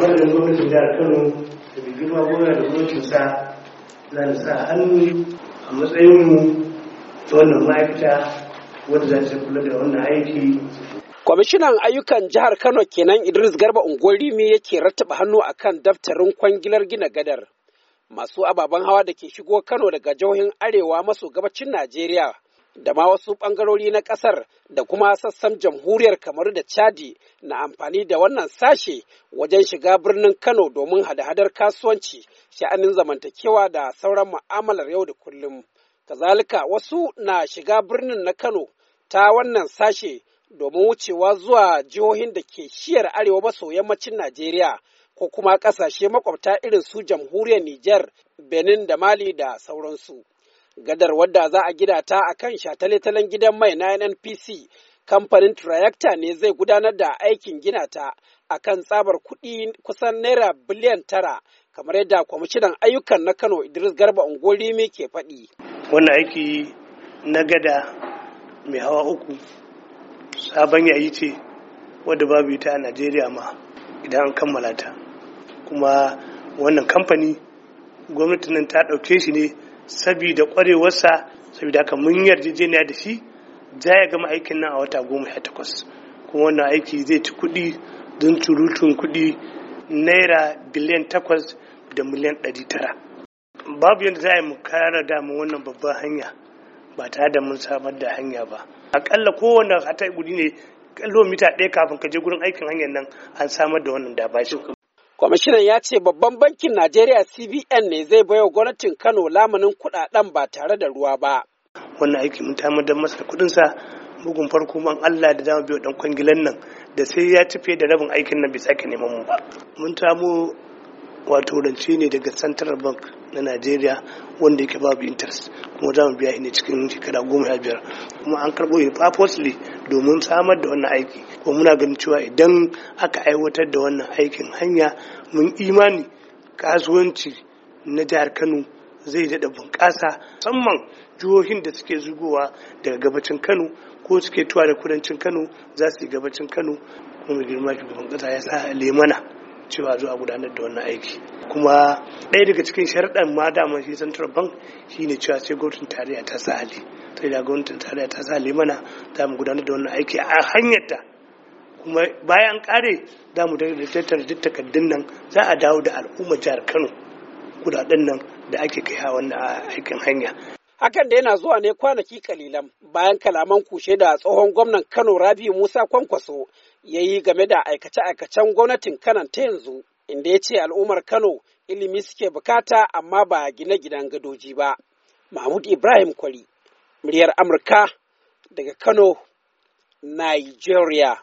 wannan gwamnatin da kano da bai girma gona da gwamnatinsa za mu sa hannu a matsayinmu ta wannan ma'aikata wadda za ta kula da wannan aiki Kwamishinan ayyukan jihar Kano kenan Idris Garba Ungolimi yake rattaba hannu a kan daftarin kwangilar gina gadar. Masu ababen hawa da ke shigo Kano daga jihohin Arewa maso gabacin Najeriya da ma wasu ɓangarori na ƙasar da kuma sassan jamhuriyar kamar da chadi na amfani da wannan sashe wajen shiga birnin kano domin hada-hadar kasuwanci sha'anin zamantakewa da sauran ma'amalar yau da kullum kazalika wasu na shiga birnin na kano ta wannan sashe domin wucewa zuwa jihohin da ke shiyar arewa maso yammacin najeriya ko kuma ƙasashe makwabta irin su jamhuriyar niger benin da mali da sauransu Gadar wadda za a gida ta a kan shataletalen gidan mai na NNPC, kamfanin trayakta ne zai gudanar da aikin gina ta a kan tsabar kuɗi kusan naira biliyan tara, kamar yadda kwamishinan ayyukan na Kano Idris Garba Ungolimi ke faɗi. Wannan aiki na gada mai hawa uku sabon yayi ce wadda babu ita a Najeriya ma idan an kammala ta. Kuma wannan kamfani gwamnati nan ta ɗauke shi ne saboda kwarewarsa saboda haka mun yarjejeniya da shi za ya gama aikin nan a wata goma sha takwas kuma wannan aiki zai ci kuɗi don surutun kuɗi naira biliyan takwas da miliyan ɗari tara babu yadda za a yi mu kara damu wannan babban hanya ba tare da mun samar da hanya ba akalla kowane hata guri ne kilomita ɗaya kafin ka je gurin aikin hanyar nan an samar da wannan da dabashi Kwamishinan ya ce babban bankin Najeriya CBN ne zai baiwa gwamnatin Kano lamunin kuɗaɗen ba tare da ruwa ba. Wannan aiki mun tamar da masa kuɗinsa bugun farko man Allah da dama biyo dan kwangilan nan da sai ya ci da rabin aikin nan bai sake neman mu ba. Mun tamo wato rance ne daga Central Bank na Najeriya wanda yake babu interest kuma za mu biya ne cikin shekara goma sha biyar kuma an karɓo it purposely domin samar da wannan aiki. ko muna ganin cewa idan aka aiwatar da wannan aikin hanya mun imani kasuwanci na jihar kano zai daɗa bunƙasa musamman jihohin da suke zugowa daga gabacin kano ko suke tuwa da kudancin kano za su yi gabacin kano kuma girma shugaban ƙasa ya sa lemana cewa zuwa gudanar da wannan aiki kuma ɗaya daga cikin sharaɗan ma daman shi central bank shine cewa sai gwamnatin tarayya ta sa hali sai da gwamnatin tarayya ta sa hali mana za mu gudanar da wannan aiki a hanyar ta kuma bayan kare za mu tattara duk takardun nan za a dawo da al'ummar jihar kano kudaden nan da ake kai a wannan aikin hanya hakan da yana zuwa ne kwanaki kalilan bayan kalaman kushe da tsohon gwamnan kano rabi musa kwankwaso ya yi game da aikace-aikacen gwamnatin kanan ta yanzu inda ya ce al'ummar kano ilimi suke bukata amma ba gine gidan gadoji ba mahmud ibrahim kwari muryar amurka daga kano nigeria